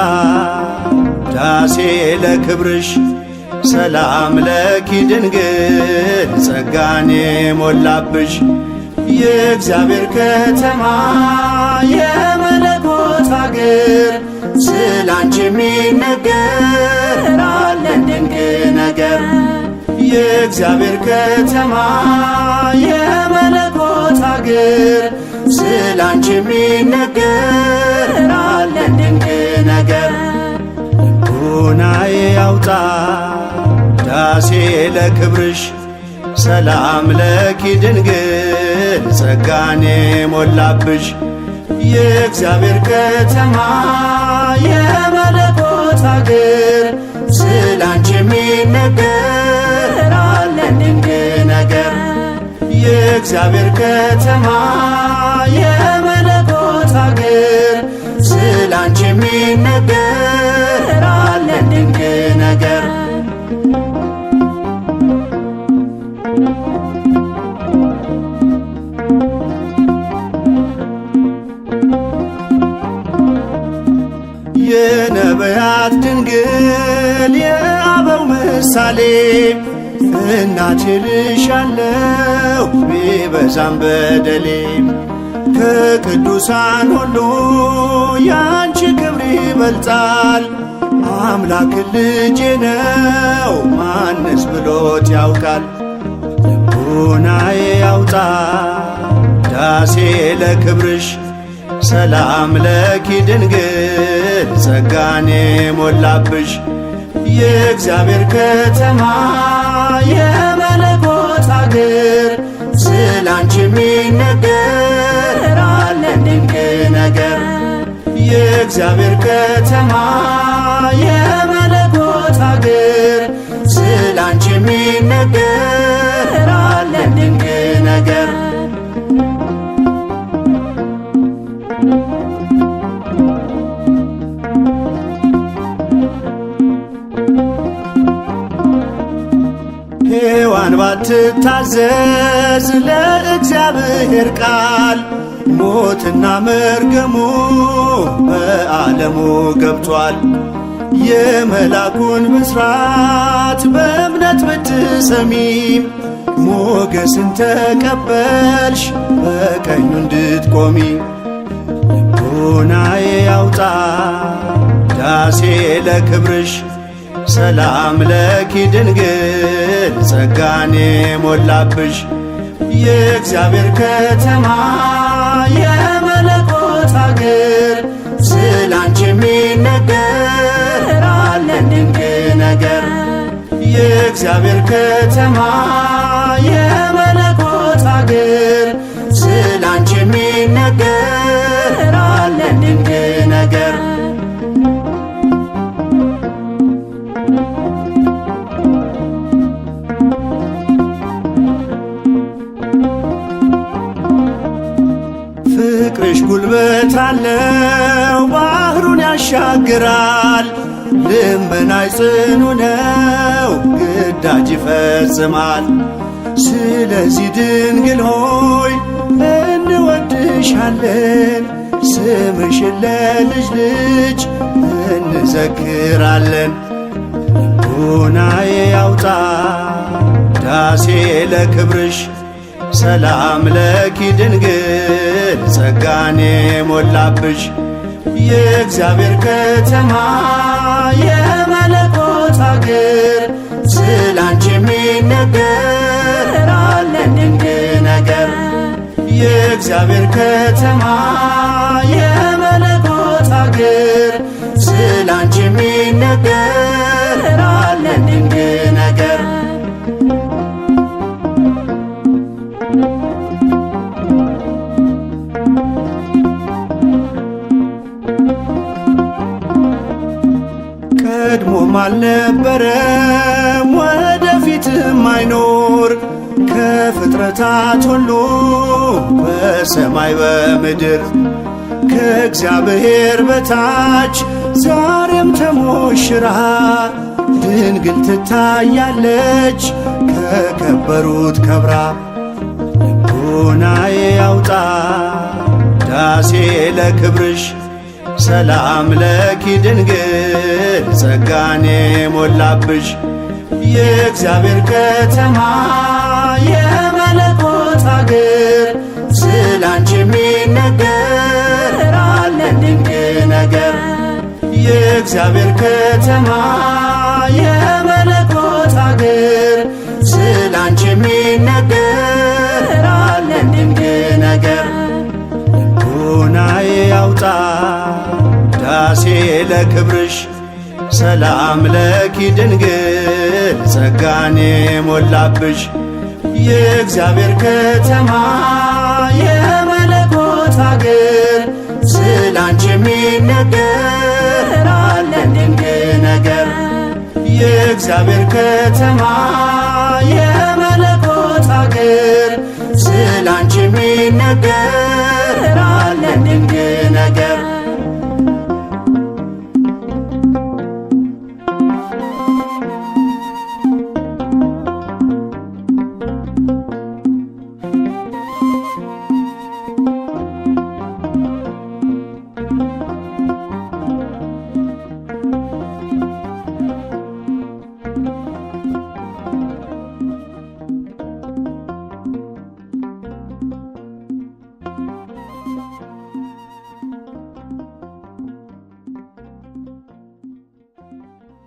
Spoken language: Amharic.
አውጣ ዳሴ ለክብርሽ ሰላም ለኪ ድንግል ጸጋን የሞላብሽ የእግዚአብሔር ከተማ የመለኮት አገር ስላንቺ የሚነገር አለን ድንቅ ነገር የእግዚአብሔር ከተማ የመለኮት አገር ስላንቺ የሚነገር አለን ድንቅ ነገር ልቡናዬ ያውጣ ዳሴ ለክብርሽ ሰላም ለኪ ድንግል ጸጋኔ ሞላብሽ የእግዚአብሔር ከተማ የመለኮት አገር ስላንቺ የሚነገር አለን ድንቅ ነገር የእግዚአብሔር ከተማ የሚነገር አለን ድንቅ ነገር የነቢያት ድንግል የአበው ምሳሌ እናችልሻለው ቢበዛም በደሌም ከቅዱሳን ሁሉ ያንቺ ክብር ይበልጣል። አምላክ ልጄ ነው ማንስ ብሎት ያውቃል? ልቡናዬ ያውጣ ዳሴ ለክብርሽ ሰላም ለኪ ድንግል ጸጋኔ ሞላብሽ የእግዚአብሔር ከተማ የመለኮት አገር ስላንቺ የሚነገር ድንቅ ነገር የእግዚአብሔር ከተማ የመለኮት አገር ስላንቺ የሚነገር አለን ድንቅ ነገር ባትታዘዝ ለእግዚአብሔር ቃል ሞትና መርገሙ በዓለሙ ገብቷል። የመላኩን ብስራት በእምነት ብትሰሚም ሞገስን ተቀበልሽ በቀኙ እንድትቆሚ። ልቦናዬ ያውጣ ዳሴ ለክብርሽ ሰላም ለኪ ድንግል ጸጋን የሞላብሽ የእግዚአብሔር ከተማ የመለኮት አገር ስላንቺ የሚነገር አለን ድንቅ ነገር የእግዚአብሔር ከተማ ጉልበት አለው ባህሩን ያሻግራል። ልመናይ ጽኑ ነው ግዳጅ ይፈጽማል። ስለዚህ ድንግል ሆይ እንወድሻለን፣ ስምሽን ለልጅ ልጅ እንዘክራለን። ልቦናዬ ያውጣ ዳሴ ለክብርሽ ሰላም ለኪ ድንግል ጸጋኔ ሞላብሽ የእግዚአብሔር ከተማ የመለኮት አገር ስላንቺ የሚነገር አለን ድንቅ ነገር የእግዚአብሔር ከተማ የመለኮት አገር ስላንቺ የሚነገር አለን ድንቅ ነገር አልነበረም ወደፊትም አይኖር ከፍጥረታት ሁሉ በሰማይ በምድር ከእግዚአብሔር በታች ዛሬም ተሞሽራ ድንግል ትታያለች ከከበሩት ከብራ። ልቦናዬ ያውጣ ዳሴ ለክብርሽ ሰላም ለኪ ድንግል ጸጋኔ ሞላብሽ የእግዚአብሔር ከተማ የመለኮት አገር ስላንቺ የሚነገር አለን ድንቅ ነገር የእግዚአብሔር ከተማ ለክብርሽ ሰላም ለኪ ድንግል ጸጋን ሞላብሽ የእግዚአብሔር ከተማ የመለኮት አገር ስላንቺ የሚነገር አለን ነገር የእግዚአብሔር ከተማ